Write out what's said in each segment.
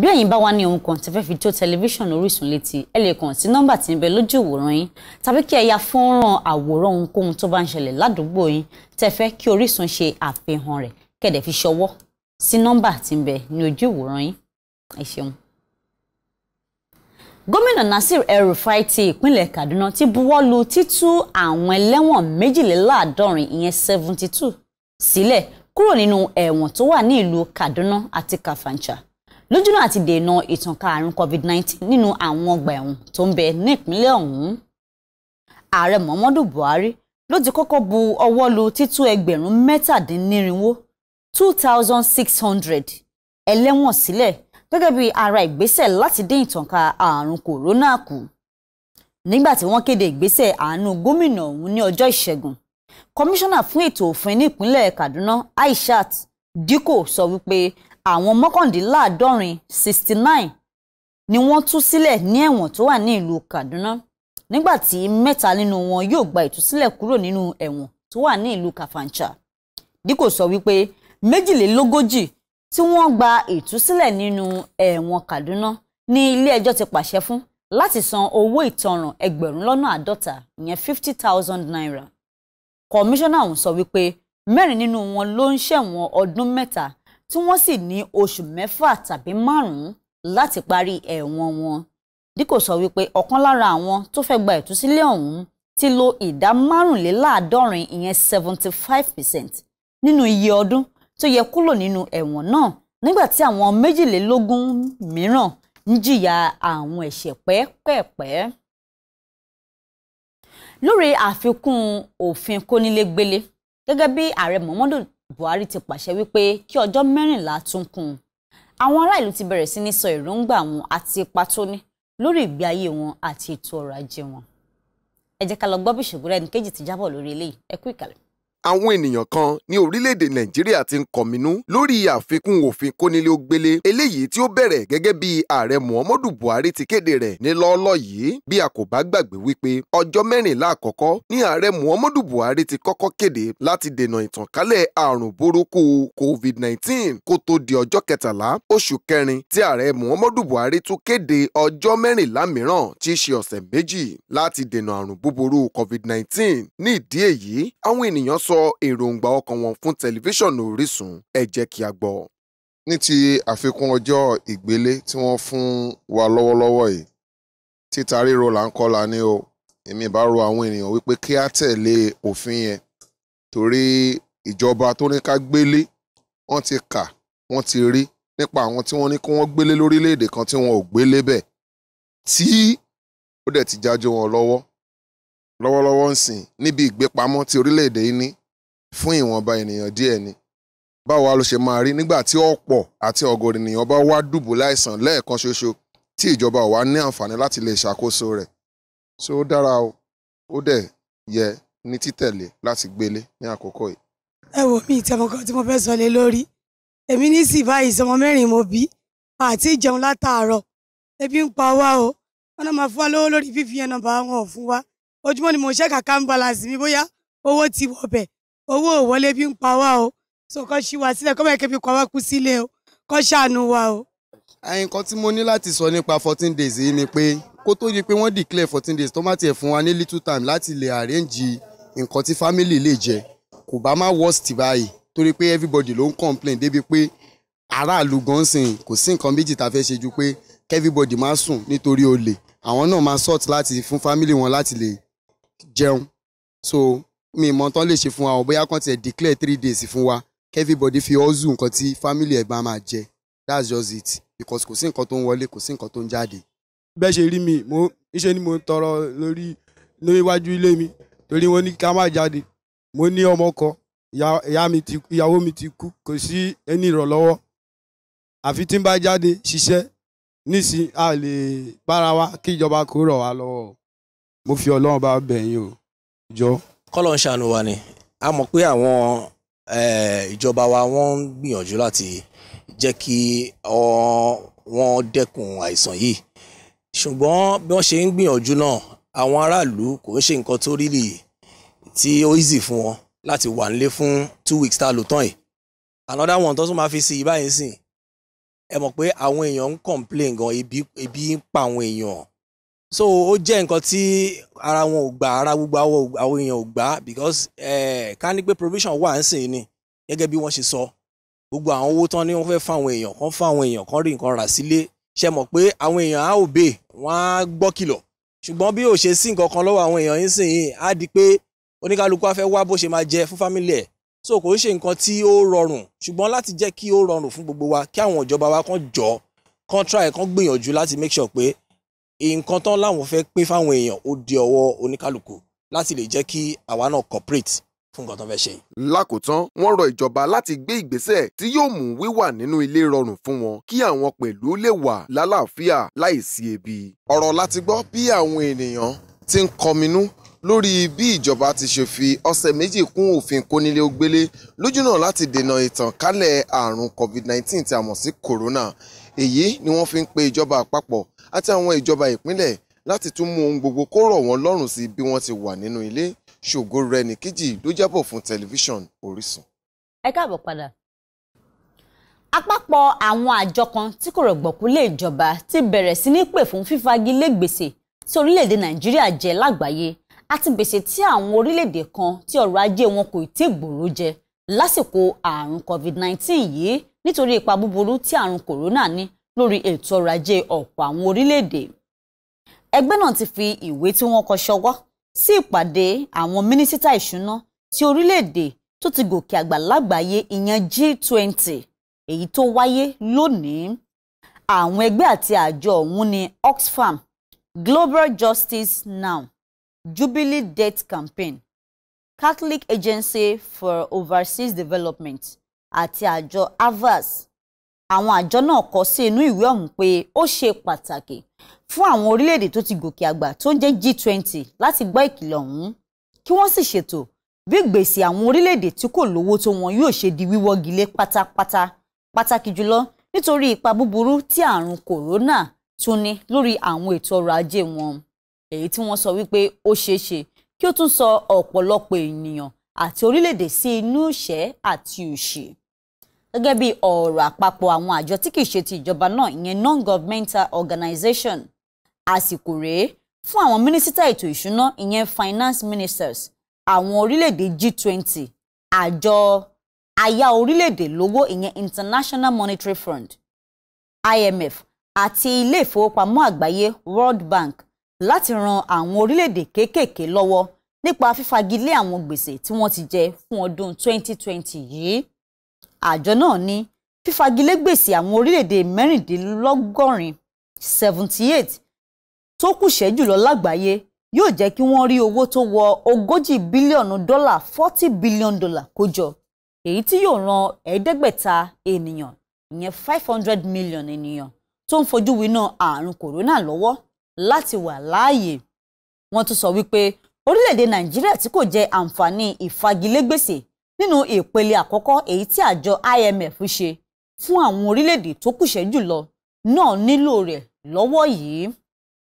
bí ẹ̀yin bá wá ní ohun kan tẹ́fẹ́ fi tó tẹlifíṣàn Orísun létí ẹ lè kàn sí nọ́mbà tí ń bẹ lójú ìwòran yín tàbí kí ẹ ya fọ́nrán àwòrán ohunkóhun tó bá ń ṣẹlẹ̀ ládùúgbò yín tẹ́fẹ́ kí Orísun ṣe àfihàn rẹ̀ kẹ̀dẹ̀ fi ṣọwọ́ sí nọ́mbà tí ń bẹ ní ojú ìwòran yín ẹ ṣeun. Gómìnà Nasir El-Rufai ti ìpínlẹ̀ Kaduna ti buwọ́lu títú àwọn ẹlẹ́wọ̀n méjìléláàádọ́rin ìyẹn seventy two sílẹ̀ kúrò nínú ẹ̀wọ̀n tó wà ní ìlú Kaduna àti Kafancha lójúnà àti dènà ìtànká àrùn covid-19 nínú àwọn ọgbà ẹ̀wọ̀n tó ń bẹ ní ìpínlẹ̀ ọ̀hún ààrẹ muhammadu buhari ló ti kọ́kọ́ bu ọwọ́ lu títú ẹgbẹ̀rún mẹ́tàdínnírinwó two thousand six hundred ẹlẹ́wọ̀n sílẹ̀ gẹ́gẹ́ bí ara ìgbésẹ̀ láti dín ìtànká àrùn kòrónà kù nígbà tí wọ́n kéde ìgbésẹ̀ àánú gómìnà ọ̀hún ní ọjọ́ ìṣẹ́gun kọmíṣánná fún ètò òfin ní kaduna aishat dikko sọ wípé àwọn mọ́kàndínláàádọ́rin sixty nine ni wọ́n tú sílẹ̀ ní ẹ̀wọ̀n tó wà ní ìlú Kaduna nígbà tí mẹ́ta nínú wọn yóò gba ìtúsílẹ̀ kúrò nínú ẹ̀wọ̀n tó wà ní ìlú Kafancha díkò sọ wípé méjìlélógójì tí wọ́n gba ìtúsílẹ̀ nínú ẹ̀wọ̀n Kaduna ní ilé ẹjọ́ ti pàṣẹ fún láti san owó ìtanràn ẹgbẹ̀rún lọ́nà àádọ́ta ìyẹn fifty thousand naira kọmíṣánná ọ̀hún sọ wípé mẹ́rin nínú wọn ló ń ṣẹ̀wọ̀n ọdún mẹ́ta tí wọ́n sì ní oṣù mẹ́fà tàbí márùn-ún láti parí ẹ̀wọ̀n wọn. díkò sọ wípé ọ̀kan lára àwọn tó fẹ́ gba ìtúsílẹ̀ ọ̀hún ti lo ìdá márùnléláàádọ́rin ìyẹn seventy five percent nínú iye ọdún tó yẹ kúrò nínú ẹ̀wọ̀n náà nígbà tí àwọn méjìlélógún mìíràn ń jìyà àwọn ẹ̀ṣẹ̀ pẹ́ẹ́pẹ́ẹ́pẹ́. lórí àfikún òfin kónílégbélé gẹ́gẹ́ bí ààrẹ Muhammadu Buhari ti pàṣẹ wípé kí ọjọ́ mẹ́rìnlá tún kún un àwọn aráàlú ti bẹ̀rẹ̀ sí ní sọ èròǹgbà wọn àti ipa tó ní lórí ìgbé ayé wọn àti ètò ọrọ̀ ajé wọn ẹ jẹ́ ká lọ gbọ́ bí ìṣògùn rẹ̀ ní kejì ti jábọ̀ lórí eléyìí ẹ kú ìkàlẹ̀ àwọn ènìyàn kan ní orílẹ̀-èdè nàìjíríà ti ń kọminú lórí àfikún òfin kónílé-ó-gbélé eléyìí tí ó bẹ̀rẹ̀ gẹ́gẹ́ bí ààrẹ muhammadu buhari ti kéde rẹ̀ ní lọ́ọ́lọ́ yìí bí a kò bá gbàgbé wípé ọjọ́ mẹ́rìnlá àkọ́kọ́ ní ààrẹ muhammadu buhari ti kọ́kọ́ kéde láti dènà ìtànkálẹ̀ àrùn burúkú covid-19 kó tó di ọjọ́ kẹtàlá oṣù kẹrin tí ààrẹ muhammadu buhari tún kéde ọjọ́ mẹ́rìnlá mìíràn tí í ṣe ọ̀sẹ̀ méjì láti dènà àrùn búburú covid-19 ní ìdí èyí àwọn ènìyàn sọ sọ èròǹgbà ọkàn wọn fún tẹlifíṣọ̀nù Orísun ẹ jẹ́ kí a gbọ́. ní ti àfikún ọjọ́ ìgbélé tí wọ́n fún wa lọ́wọ́lọ́wọ́ yìí títa ríro là ń kọ́la ní o èmi bá rọ̀ àwọn ènìyàn wípé kí á tẹ̀lé òfin yẹn torí ìjọba tó ní ká gbélé wọ́n ti kà wọ́n ti rí nípa àwọn tí wọ́n ní kí wọ́n gbélé lórílẹ̀‐èdè kan tí wọn ò gbélé bẹ́ẹ̀ tí ó dẹ̀ ti jájó wọn lọ́wọ́ lọ́wọ́lọ́wọ́ ń sìn níbi ìgbépamọ́ tí orílẹ̀‐èdè yìí ní fún ìwọ̀nba ènìyàn díẹ̀ ni báwo a ló ṣe máa rí nígbà tí ọ̀pọ̀ àti ọ̀gọ̀rọ̀ ènìyàn bá wá dùbúlẹ̀ àìsàn lẹ́ẹ̀kan ṣoṣo tí ìjọba ò wá ní àǹfààní láti lè ṣàkóso rẹ̀ so ó dára o ó dẹ̀ yẹ ní títẹ̀lé láti gbélé ní àkókò yìí. ẹ wo mi ìtẹ̀mọ̀ kan tí mo fẹ́ sọ lé lórí èmi ní sì báyìí sọmọ mẹ́rin mo bí àti ìjẹun látàárọ̀ ebi ń pa wá o wọn máa fún wa lówó lórí fífi yẹn wọn fún wa ojúmọ́ ni mo ṣe kàkà ń balàsì mi bóyá owó ti wọ̀ bẹ̀ owó òwọlé fi ń pa wá o so kọ́ ṣí wa sílẹ̀ kọ́ bẹ́ẹ̀ kẹ́ fi pa wá kú sílẹ̀ o kọ́ ṣàánú wa o. nǹkan tí mo ní láti sọ nípa fourteen days yìí ni pé kó tó di pé wọ́n declare fourteen days tó má tiẹ̀ fún wa ní little time láti lè arrange nǹkan tí family lè jẹ kò bá má worst báyìí torí pé everybody ló ń complain débi pé aráàlú gan kò sí nǹkan méjì tá a fẹ́ ṣe ju pé everybody má sùn nítorí olè àwọn náà máa sort láti fún family wọn láti lè jẹun so mi mọ̀ tán lè ṣe fún wa ọ̀ bóyá kàn tiẹ̀ declare three days fún wa Everybody fi ọ́zù nǹkan tí family ẹ̀ bá máa jẹ that's just it because kò sí nǹkan tó ń wọlé kò sí nǹkan tó ń jáde. bẹ́ẹ̀ ṣe rí mi mo iṣẹ́ ni mo ń tọrọ lórí níwájú ilé mi torí wọ́n ní ká má jáde mo ní ọmọ kan ìyàwó mi ti kú kò sí ẹni ìrànlọ́wọ́ àfi tí n bá jáde ṣiṣẹ́ nísìnyí a lè bára wa kí ìjọba kó rọ̀ wá lọ́wọ́ mo fi Ọlọ́run bá bẹ̀ o jọ kọ́lọ̀ ń ṣàánú wa ni a mọ̀ pé àwọn ìjọba wa wọ́n ń gbìyànjú láti jẹ́ kí wọ́n dẹ́kun àìsàn yìí ṣùgbọ́n bí wọ́n ṣe ń gbìyànjú náà àwọn aráàlú kò ń ṣe nǹkan tó rírì tí ó easy fún wọn láti wà nílé fún two weeks tá a lò tán yìí another one tó tún máa fi sí i báyìí sìn ẹ mọ̀ pé àwọn èèyàn ń complain gan ebi ń pa àwọn èèyàn so ó jẹ́ nǹkan tí ara wọn ò gbà ara gbogbo àwọn èèyàn ò gbà because eh, ká ní pé provision wà ń sìn ni gẹ́gẹ́ bí wọ́n ṣe sọ gbogbo àwọn owó tán ni wọ́n fẹ́ fáwọn èèyàn kan fáwọn èèyàn kan rí nǹkan rà sílé ṣe mọ̀ pé àwọn èèyàn á ò bè wọ́n á gbọ́ kìlọ̀ ṣùgbọ́n bí ò ṣe sí nǹkan kan lọ́wọ́ àwọn èèyàn yín sìn yín á di pé oníkálukú á fẹ́ wá bó ṣe máa jẹ fún fámìlì ẹ̀ so kò ń ṣe nǹkan tí ó rọrùn ṣùgbọ́n láti jẹ́ kí ó rọrùn fún gbogbo wa kí àwọn ìjọba wa kan jọ kan try kan gbìyànjú láti make sure pé nǹkan tán láwọn fẹ́ pín fáwọn èèyàn ó di ọwọ́ oníkálukú láti lè jẹ́ kí àwa náà corporate fún nǹkan tó fẹ́ ṣe. lákòótán wọ́n rọ ìjọba láti gbé ìgbésẹ̀ tí yóò mú wíwà nínú ilé rọrùn fún wọn kí àwọn pẹ̀lú lè wà lálàáfíà láìsí ebi. ọ̀rọ̀ láti gbọ́ bí àwọn ènìyàn ti ń kọminú lórí bí ìjọba ti ṣe fi ọ̀sẹ̀ méjì kún òfin kónílé-ó-gbélé lójúnà láti dènà ìtànkálẹ̀ àrùn covid-19 tí a mọ̀ sí corona èyí ni wọ́n fi ń pe ìjọba àpapọ̀ àti àwọn ìjọba ìpínlẹ̀ láti tún mú ohun gbogbo kó rọ̀ wọ́n lọ́rùn sí bí wọ́n ti wà nínú ilé ṣògo rẹ̀ nìkejì ló jábọ̀ fún tẹlifíṣàn Orísun. ẹ káàbọ̀ padà àpapọ̀ àwọn àjọ kan tí kò rọ̀gbọ̀kú lé ìjọba ti bẹ̀rẹ̀ sí ní pè fún fífagilé gbèsè tí orílẹ̀-èdè nàìjíríà jẹ lágbàáyé àti gbèsè tí àwọn orílẹ̀-èdè kan tí ọrọ̀ ajé wọn kò tí gbòòrò jẹ lásìkò àrùn covid-19 yìí nítorí ipa búburú tí àrùn corona ní lórí ètò ọrọ̀ ajé ọ̀pọ̀ àwọn orílẹ̀-èdè ẹgbẹ́ náà ti fi ìwé tí wọ́n kọ ṣọwọ́ sí ìpàdé àwọn mínísítà ìṣúná ti orílẹ̀-èdè tó ti gòkè àgbà lágbàáyé ìyẹn G20 èyí tó wáyé lónìí àwọn ẹgbẹ́ àti àjọ ọ̀hún ni Oxfam Global Justice Now Jubilee Debt Campaign Catholic Agency for Overseas Development àti àjọ avas àwọn àjọ náà kọ sí inú ìwé ọ̀hún pé ó ṣe pàtàkì fún àwọn orílẹ̀-èdè tó ti gòkè àgbà tó ń jẹ́ G20 láti gbọ́ ìkìlọ̀ ọ̀hún kí wọ́n sì ṣètò bí gbèsè àwọn orílẹ̀-èdè tí kò lówó tó wọn yóò ṣe di wíwọ́gi lé pátápátá pàtàkì jùlọ nítorí ipa búburú tí àrùn kòrónà tún ní lórí àwọn ètò ọrọ̀ ajé wọn èyí tí wọ́n sọ wípé ó ṣeé ṣe kí ó tún sọ ọ̀pọ̀lọpọ̀ ènìyàn àti orílẹ̀-èdè sí inú ìṣẹ́ àti òṣì gẹ́gẹ́ bí ọ̀rọ̀ àpapọ̀ àwọn àjọ tí kìí ṣe ti ìjọba náà ìyẹn non-governmental organization àsìkò rèé fún àwọn mínísítà ètò ìṣúná ìyẹn finance ministers àwọn orílẹ̀-èdè G20 àjọ ayá orílẹ̀-èdè lówó ìyẹn International Monetary Fund IMF àti ilé ìfowópamọ́ àgbáyé World Bank láti ran àwọn orílẹ̀-èdè kéékèèké lọ́wọ́ nípa fífagilé àwọn gbèsè tí wọ́n ti jẹ fún ọdún 2020 yìí àjọ náà ní fífagilé gbèsè àwọn orílẹ̀-èdè mẹ́rìndínlọ́gọ́rin seventy eight tó kùṣẹ́ jùlọ lágbàáyé yóò jẹ́ kí wọ́n rí owó tó wọ ogójì bílíọ̀nù dọ́là forty billion dollar kó jọ èyí tí yóò ran ẹ̀ẹ́dẹ́gbẹ̀ta ènìyàn ìyẹn five hundred million ènìyàn tó ń fojú winá àrùn kòrónà lọ́wọ́ láti wà láàyè wọ́n tún sọ wípé orílẹ̀-èdè nàìjíríà tí kò jẹ àǹfààní ìfagilégbèsè nínú ìpele àkọ́kọ́ èyí tí àjọ IMF ṣe fún àwọn orílẹ̀-èdè tó kùṣẹ́ jùlọ náà nílò rẹ̀ lọ́wọ́ yìí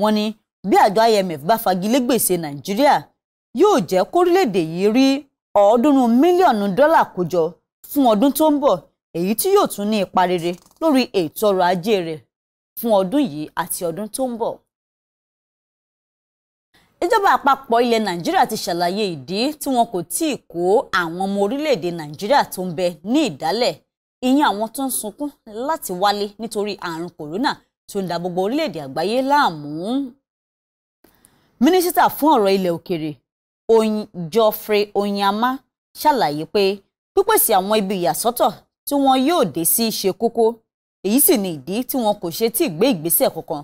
wọ́n ní bí àjọ IMF bá fagilé gbèsè Nàìjíríà yóò jẹ́ kórílẹ̀-èdè yìí rí ọ̀ọ́dúnrún mílíọ̀nù dọ́là kójọ fún ọdún tó ń bọ̀ èyí tí yóò tún ní ipa rere lórí ètò ọrọ̀ ajé rẹ̀ fún ọdún yìí àti ọdún tó ń bọ̀ ìjọba àpapọ̀ ilẹ̀ nàìjíríà ti ṣàlàyé ìdí tí wọn kò tí ì kó àwọn ọmọ orílẹ̀-èdè nàìjíríà tó ń bẹ ní ìdálẹ̀ ìyẹn àwọn tó ń sunkún láti wálé nítorí àrùn kòrónà tó ń da gbogbo orílẹ̀-èdè àgbáyé láàmú. mínísítà fún ọ̀rọ̀ ilẹ̀ òkèrè Geoffrey Onyama ṣàlàyé pé pípèsè àwọn ibi ìyàsọ́tọ̀ tí wọn yóò dé sí ṣe kókó èyí sì ni ìdí tí wọn kò ṣe tí ì gbé ìgbésẹ̀ kankan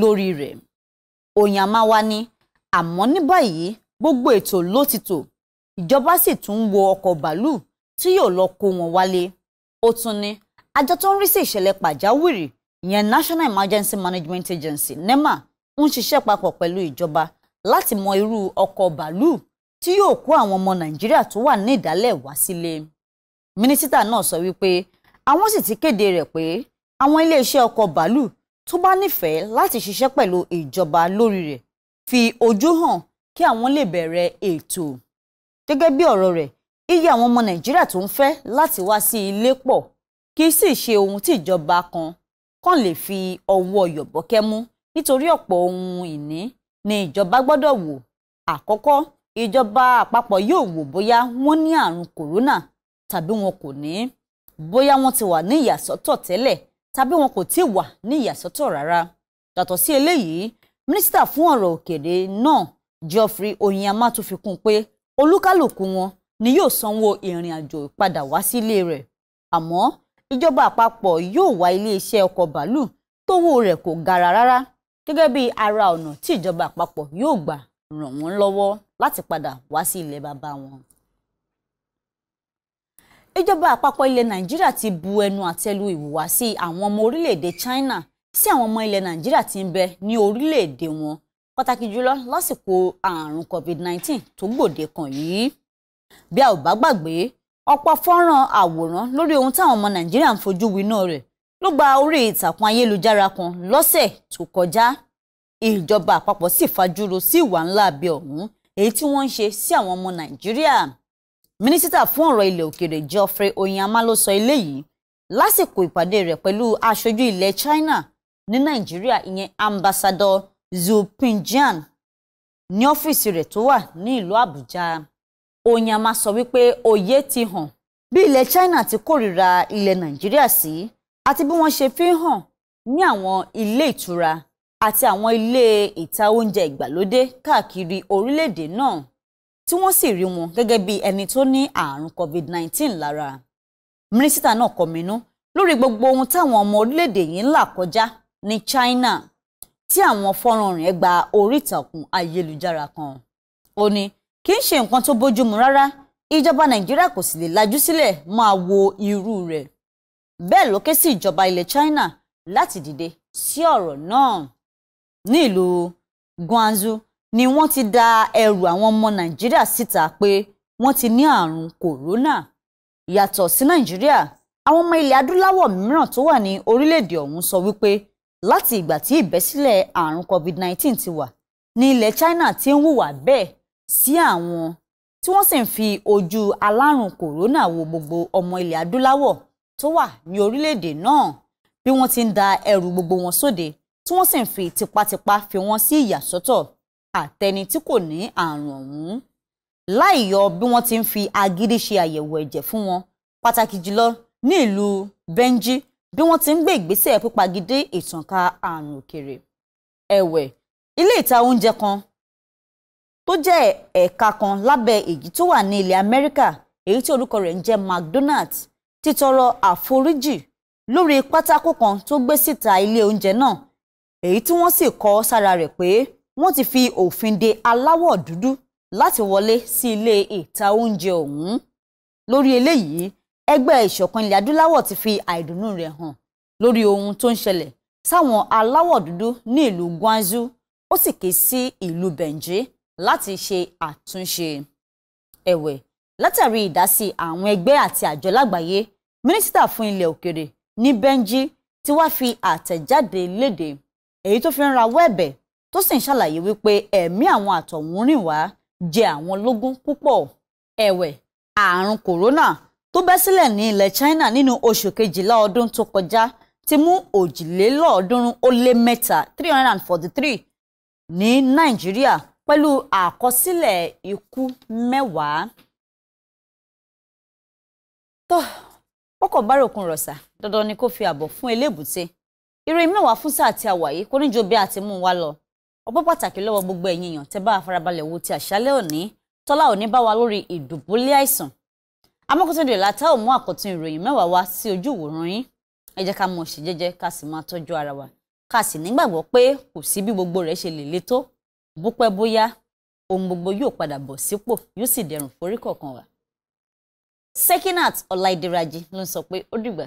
lórí rẹ̀ Onyama wá ní àmọ́ ní báyìí gbogbo ètò ló ti tò ìjọba sì tún ń wo ọkọ̀ bàálù tí yóò lọ kó wọn wálé ó tún ní àjọ tó ń rí sí ìṣẹ̀lẹ̀ pàjáwìrì ìyẹn National Emergency Management Agency NEMA ń ṣiṣẹ́ papọ̀ pẹ̀lú ìjọba láti mọ irú ọkọ̀ bàálù tí yóò kó àwọn ọmọ Nàìjíríà tó wà ní ìdálẹ̀ wá sílé mínísítà náà sọ wípé àwọn sì ti kéde rẹ̀ pé àwọn iléeṣẹ́ ọkọ̀ bàálù tó bá nífẹ̀ẹ́ láti ṣiṣẹ́ pẹ̀lú ìjọba lórí rẹ̀ fi ojú hàn kí àwọn lè bẹ̀rẹ̀ ètò gẹ́gẹ́ bí ọ̀rọ̀ rẹ̀ iye àwọn ọmọ nàìjíríà tó ń fẹ́ láti wá sí ilé pọ̀ kì í sì ṣe ohun tí ìjọba kan kàn lè fi ọwọ́ yọ̀bọ̀kẹ́ mú nítorí ọ̀pọ̀ ohun ìní ni ìjọba gbọ́dọ̀ wò àkọ́kọ́ ìjọba àpapọ̀ yóò wò bóyá wọ́n ní àrùn kòrónà tàbí wọn kò ní bóyá wọ́n ti wà ní ìyàsọ́tọ̀ tẹ́lẹ̀ tàbí wọn kò tí ì wà ní ìyàsọ́tọ̀ rárá yàtọ̀ sí eléyìí mínísítà fún ọ̀rọ̀ òkèèrè náà Geoffrey Onyema tún fi kún pé olúkálùkù wọn ni yóò sanwó ìrìn àjò ìpadà wá sílé rẹ̀ àmọ́ ìjọba àpapọ̀ yóò wá iléeṣẹ́ ọkọ̀ bàálù tówó rẹ̀ kò gara rárá gẹ́gẹ́ bí ara ọ̀nà tí ìjọba àpapọ̀ yóò gbà ràn wọ́n lọ́wọ́ láti padà wá sí ilẹ̀ bàbá wọn. ìjọba àpapọ̀ ilẹ̀ Nàìjíríà ti bu ẹnu àtẹ́lu ìhùwàsí àwọn ọmọ orílẹ̀-èdè China sí àwọn ọmọ ilẹ̀ nàìjíríà tí ń bẹ ní orílẹ̀-èdè wọn pàtàkì jùlọ lásìkò àrùn covid-19 tó gbòde kan yìí bí a ò bá gbàgbé ọ̀pọ̀ fọ́nrán àwòrán lórí ohun táwọn ọmọ nàìjíríà ń fojú winá rẹ̀ ló gba orí ìtàkùn ayélujára kan lọ́sẹ̀ tó kọjá ìjọba àpapọ̀ sì fajúro sí ìwà ńlá abẹ ọ̀hún èyí tí wọ́n ń ṣe sí àwọn ọmọ nàìjíríà mínísítà fún ọ̀rọ̀ ilẹ̀ òkèèrè Geoffrey Onyema ló sọ eléyìí lásìkò ìpàdé rẹ̀ pẹ̀lú aṣojú ilẹ̀ China ní nàìjíríà ìyẹn ambassador zulpinjan ní ọ́fíìsì rẹ̀ tó wà ní ìlú àbújá onyama sọ wípé òye ti hàn bí ilẹ̀ china ti kórìíra ilẹ̀ nàìjíríà sí àti bí wọ́n ṣe fi hàn ní àwọn ilé ìtura àti àwọn ilé ìta oúnjẹ ìgbàlódé káàkiri orílẹ̀-èdè náà tí wọ́n sì rí wọn gẹ́gẹ́ bí ẹni tó ní àrùn covid-19 lára mínísítà náà kọminú lórí gbogbo ohun táwọn ọmọ orílẹ̀-èdè yìí ń là kọjá ní China tí àwọn fọ́nrán rẹ̀ gba orí ìtàkùn ayélujára kan ó ní kì í ṣe nǹkan tó bójúmu rárá ìjọba Nàìjíríà kò sì lè lajú sílẹ̀ máa wo irú rẹ̀ bẹ́ẹ̀ ló ké sí ìjọba ilẹ̀ China láti dìde sí ọ̀rọ̀ náà ní ìlú Guangzhou ni wọ́n ti da ẹrù àwọn ọmọ Nàìjíríà síta pé wọ́n ti ní àrùn kòrónà yàtọ̀ sí Nàìjíríà àwọn ọmọ ilẹ̀ adúláwọ̀ mìíràn tó wà ní orílẹ̀-èdè ọ̀hún sọ wípé láti ìgbà tí ìbẹ́sílẹ̀ àrùn covid-19 ti wà ní ilẹ̀ China ti ń hùwà bẹ́ẹ̀ sí àwọn tí wọ́n sì ń fi ojú alárùn kòrónà wo gbogbo ọmọ ilẹ̀ adúláwọ̀ tó wà ní orílẹ̀-èdè náà bí wọ́n ti ń da ẹrù gbogbo wọn sóde tí wọ́n sì ń fi tipátipá fi wọ́n sí ìyàsọ́tọ̀ àtẹni tí kò ní àrùn ọ̀hún láì yọ bí wọ́n ti ń fi agídí ṣe àyẹ̀wò ẹ̀jẹ̀ fún wọn pàtàkì jùlọ ní ìlú Benji bí wọ́n ti ń gbé ìgbésẹ̀ pípagidé ìtànká àrùn òkèrè ẹ̀wẹ̀ ilé ìta oúnjẹ kan tó jẹ́ ẹ̀ka kan lábẹ́ èyí tó wà ní ilẹ̀ Amẹ́ríkà èyí tí orúkọ rẹ̀ ń jẹ́ McDonald's ti tọrọ àforíjì lórí pátákó kan tó gbé síta ilé oúnjẹ náà èyí tí wọ́n sì kọ sára rẹ̀ pé wọ́n ti fi òfin de aláwọ̀ dúdú láti wọlé sí ilé ìta oúnjẹ ọ̀hún lórí eléyìí ẹgbẹ́ ìṣọ̀kan ilẹ̀ adúláwọ̀ ti fi àìdùnnú rẹ̀ hàn lórí ohun tó ń ṣẹlẹ̀ sáwọn aláwọ̀ dúdú ní ìlú Guangzhou ó sì ké sí ìlú Benji láti ṣe àtúnṣe ẹ̀wẹ̀ látàrí ìdásí àwọn ẹgbẹ́ àti àjọ lágbàáyé mínísítà fún ilẹ̀ òkèrè ní Benji ti wá fi àtẹ̀jáde léde èyí tó fi ń rawọ́ ẹ̀bẹ̀ tó sì ń ṣàlàyé wípé ẹ̀mí àwọn àtọ̀húnrìnwá jẹ àwọn lógún púpọ̀ ẹ̀wẹ̀ ààrùn kòrónà tó bẹ́ sílẹ̀ ní ilẹ̀ China nínú oṣù kejìlá ọdún tó kọjá ti mú òjìlélọ́ọ̀ọ́dúnrún ó lé mẹ́ta three hundred and forty three ní Nàìjíríà pẹ̀lú àkọsílẹ̀ ikú mẹ́wàá. tó ọkọ̀ bá ròkun rọ̀ṣà dandan ni kó fi ààbọ̀ fún elébùté ìròyìn mẹ́wàá fún sáà tí a wà yìí kò ní jò bí a ti mú wa lọ ọpọ́ pàtàkì lọ́wọ́ gbogbo ẹ̀yin èèyàn tẹ́ bá a farabalẹ̀ wo ti àṣálẹ́ òní tọ́lá òní bá wa lórí ìdùbúlẹ̀ àìsàn amọ́kótódé látà ò mú àkọ́tún ìròyìn mẹ́wàá wá sí ojú ìwòran yín ẹ jẹ́ ká mọ̀ ṣe jẹ́jẹ́ ká sì máa tọ́jú ara wa ká sì nígbàgbọ́ pé kò sí bí gbogbo rẹ̀ ṣe lè le tó bó pẹ́ bóyá ohun gbogbo yóò padà bọ̀ sípò yóò sì dẹrùn forí kọ̀ọ̀kan wa Sekinat Ọláìdíraji ló ń sọ pé ó dìgbà